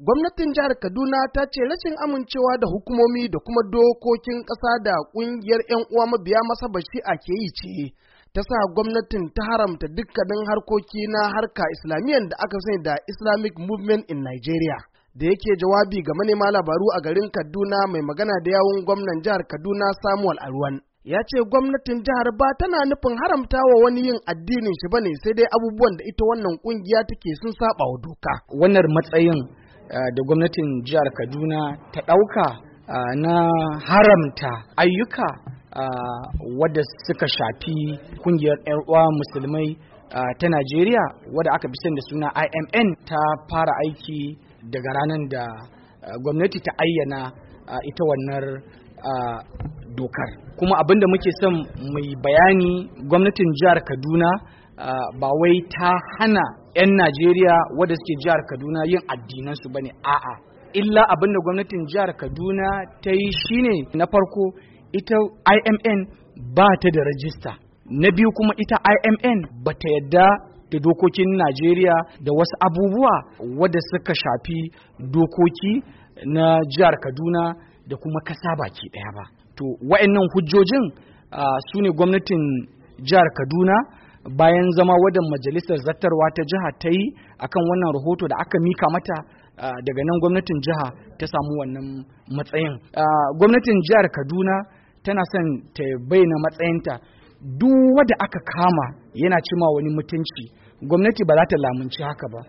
Gwamnatin jihar Kaduna ta ce rashin amincewa da hukumomi da kuma dokokin ƙasa da ƙungiyar 'yan uwa mabiya masa a ke yi ce, ta sa gwamnatin ta haramta dukkanin harkoki na harka islamiyyar da aka sani da Islamic Movement in Nigeria. Da yake jawabi ga manema labaru a garin Kaduna mai magana da yawun gwamnan jihar Kaduna Samuel Alwan. Ya ce gwamnatin jihar ba tana nufin haramta wa wani yin addinin shi bane sai dai abubuwan da ita wannan kungiya take sun saba wa doka. Wannan matsayin Eh, da gwamnatin jihar kaduna ta ɗauka eh, na haramta ayyuka eh, wadda suka shafi kungiyar 'yan uwa musulmai ta najeriya wadda aka fi san da suna imn ta fara aiki daga ranar da gwamnati ta ayyana ita wannan dokar kuma abinda muke son mai bayani gwamnatin jihar kaduna ba wai ta hana 'yan Najeriya wadda suke jihar Kaduna yin addinansu ba ne a'a. Illa abin da gwamnatin jihar Kaduna ta yi shi ne na farko ita IMN ba ta da rajista. Na biyu kuma ita IMN ba ta yadda da dokokin Najeriya da wasu abubuwa wadda suka shafi dokoki na jihar Kaduna da kuma kasa baki ɗaya ba. To, wa'annan hujjojin ah, su ne gwamnatin jihar Kaduna bayan zama wadan majalisar zartarwa ta jiha ta yi akan wannan rahoto da aka mika mata daga nan gwamnatin jiha ta samu wannan matsayin gwamnatin jihar kaduna tana son ta bayyana matsayinta duk wanda aka kama yana cima wani mutunci gwamnati ba za ta lamunci haka ba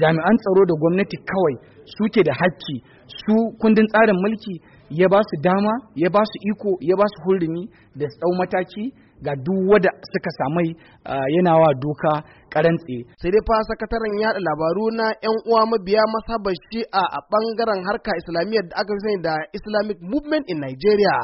jami'an tsaro da gwamnati kawai suke da hakki su kundin tsarin mulki ya ba su dama ya ba su iko ya ba su hurumi da tsau mataki ga duk wada suka samai yana wa duka karantse. Sai dai fa sakataren yada labaru na 'yan uwa mabiya masabar shi'a a bangaren harka islamiyyar da aka sani da Islamic Movement in Nigeria.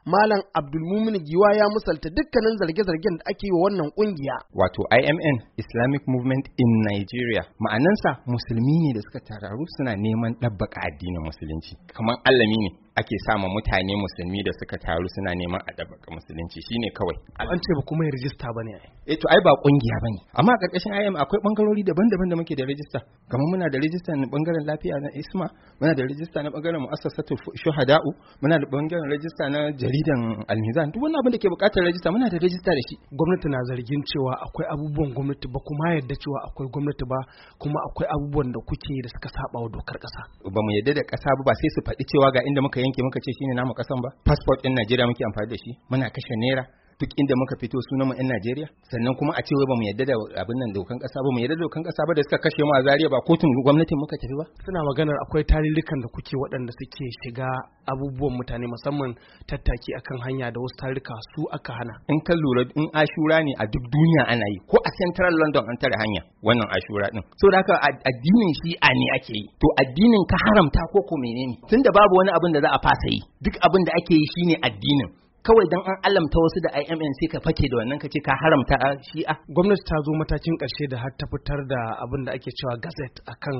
Malam Abdulmumin Giwa ya musalta dukkanin zarge-zargen da ake yi wa wannan kungiya. Wato IMN Islamic Movement in Nigeria ma'anansa musulmi ne da suka tararu suna neman ɗabbaka addinin musulunci kamar allami ne ake sama mutane musulmi da suka taru suna neman a dabaka musulunci shine kawai an ce ba kuma rijista ba ne eh to ai ba kungiya ba ne amma a ƙarƙashin IM akwai bangarori daban-daban da muke da rijista kamar muna da rijista na bangaren lafiya na isma muna da rijista na bangaren mu'assasatul shuhada'u muna da bangaren rijista na jaridan almizan duk wani abin da ke buƙatar rijista muna da rijista da shi gwamnati na zargin cewa akwai abubuwan gwamnati ba kuma yadda cewa akwai gwamnati ba kuma akwai abubuwan da kuke da suka saba wa dokar ƙasa ba mu yadda da ƙasa ba sai su faɗi cewa ga inda muka yi yanke muka ce shine namu kasan ba passport din Najeriya muke amfani da shi muna kashe naira duk inda muka fito sunan mu 'yan Najeriya sannan kuma a cewa ba mu yadda da abin nan dokan kasa ba mu yadda da dokan kasa ba da suka kashe mu a Zaria ba kotun gwamnatin muka tafi ba suna maganar akwai tarurrukan da kuke waɗanda suke shiga abubuwan mutane musamman tattaki akan hanya da wasu tarurruka su aka hana in ka lura in ashura ne a duk duniya ana yi ko a central London an tare hanya wannan ashura din so da haka addinin shi a ne ake yi to addinin ka haramta ko ko menene tunda babu wani abin da za a fasa yi duk abin da ake yi shine addinin kawai don an alamta wasu da IMN ka fake da wannan kace ka haramta shi'a gwamnati ta zo matakin ƙarshe da har ta fitar da abin da ake cewa gazet akan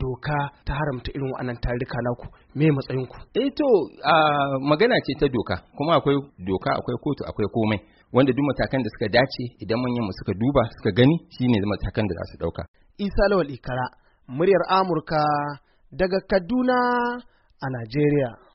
doka ta haramta irin wannan tarika naku me matsayin ku eh to magana ce ta doka kuma akwai doka akwai kotu akwai komai wanda duk matakan da suka dace idan manyan mu suka duba suka gani shine matakan da za su dauka Isa Lawal Ikara muryar Amurka daga Kaduna a Najeriya